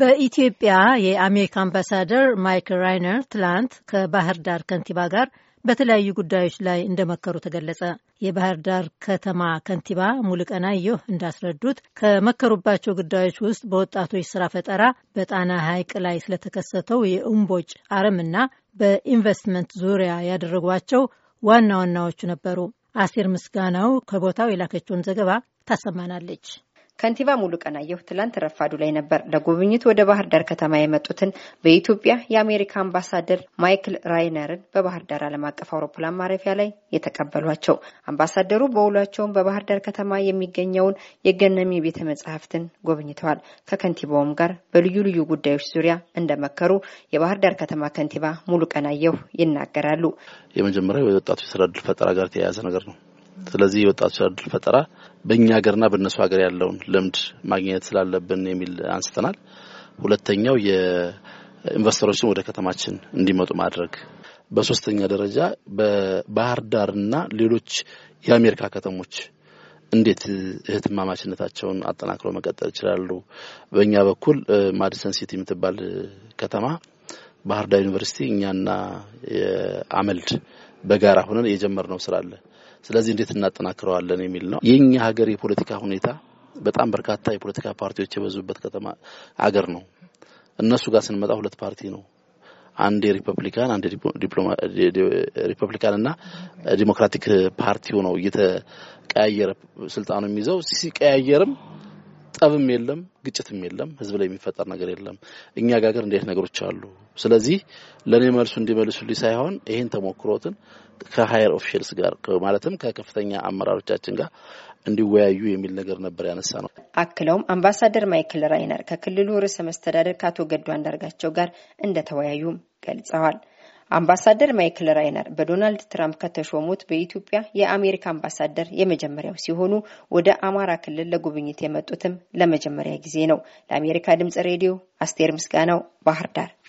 በኢትዮጵያ የአሜሪካ አምባሳደር ማይክል ራይነር ትላንት ከባህር ዳር ከንቲባ ጋር በተለያዩ ጉዳዮች ላይ እንደመከሩ ተገለጸ። የባህር ዳር ከተማ ከንቲባ ሙሉቀናየሁ እንዳስረዱት ከመከሩባቸው ጉዳዮች ውስጥ በወጣቶች ስራ ፈጠራ፣ በጣና ሐይቅ ላይ ስለተከሰተው የእምቦጭ አረምና በኢንቨስትመንት ዙሪያ ያደረጓቸው ዋና ዋናዎቹ ነበሩ። አሴር ምስጋናው ከቦታው የላከችውን ዘገባ ታሰማናለች። ከንቲባ ሙሉቀን አየሁ ትላንት ረፋዱ ላይ ነበር ለጉብኝት ወደ ባህር ዳር ከተማ የመጡትን በኢትዮጵያ የአሜሪካ አምባሳደር ማይክል ራይነርን በባህር ዳር ዓለም አቀፍ አውሮፕላን ማረፊያ ላይ የተቀበሏቸው። አምባሳደሩ በውሏቸውን በባህር ዳር ከተማ የሚገኘውን የገነሚ ቤተ መጽሐፍትን ጎብኝተዋል። ከከንቲባውም ጋር በልዩ ልዩ ጉዳዮች ዙሪያ እንደመከሩ የባህር ዳር ከተማ ከንቲባ ሙሉቀን አየሁ ይናገራሉ። የመጀመሪያው የወጣቶች የስራ እድል ፈጠራ ጋር የተያያዘ ነገር ነው። ስለዚህ የወጣቶች እድል ፈጠራ በእኛ ሀገርና በእነሱ ሀገር ያለውን ልምድ ማግኘት ስላለብን የሚል አንስተናል። ሁለተኛው የኢንቨስተሮችን ወደ ከተማችን እንዲመጡ ማድረግ፣ በሶስተኛ ደረጃ በባህር ዳርና ሌሎች የአሜሪካ ከተሞች እንዴት እህትማማችነታቸውን አጠናክሮ መቀጠል ይችላሉ። በእኛ በኩል ማዲሰን ሲቲ የምትባል ከተማ ባህር ዳር ዩኒቨርሲቲ እኛና የአመልድ በጋራ ሆነን የጀመርነው ስራ አለ። ስለዚህ እንዴት እናጠናክረዋለን የሚል ነው። የኛ ሀገር የፖለቲካ ሁኔታ በጣም በርካታ የፖለቲካ ፓርቲዎች የበዙበት ከተማ አገር ነው። እነሱ ጋር ስንመጣ ሁለት ፓርቲ ነው። አንድ ሪፐብሊካን አንድ ሪፐብሊካን እና ዲሞክራቲክ ፓርቲው ነው እየተቀያየረ ስልጣኑ የሚይዘው ሲቀያየርም ጠብም የለም፣ ግጭትም የለም፣ ህዝብ ላይ የሚፈጠር ነገር የለም። እኛ ጋገር እንዴት ነገሮች አሉ። ስለዚህ ለኔ መልሱ እንዲመልሱልኝ ሳይሆን ይህን ተሞክሮትን ከሀየር ኦፊሻልስ ጋር ማለትም ከከፍተኛ አመራሮቻችን ጋር እንዲወያዩ የሚል ነገር ነበር ያነሳ ነው። አክለውም አምባሳደር ማይክል ራይነር ከክልሉ ርዕሰ መስተዳደር ከአቶ ገዱ አንዳርጋቸው ጋር እንደተወያዩ ገልጸዋል። አምባሳደር ማይክል ራይነር በዶናልድ ትራምፕ ከተሾሙት በኢትዮጵያ የአሜሪካ አምባሳደር የመጀመሪያው ሲሆኑ ወደ አማራ ክልል ለጉብኝት የመጡትም ለመጀመሪያ ጊዜ ነው። ለአሜሪካ ድምጽ ሬዲዮ አስቴር ምስጋናው ባህር ዳር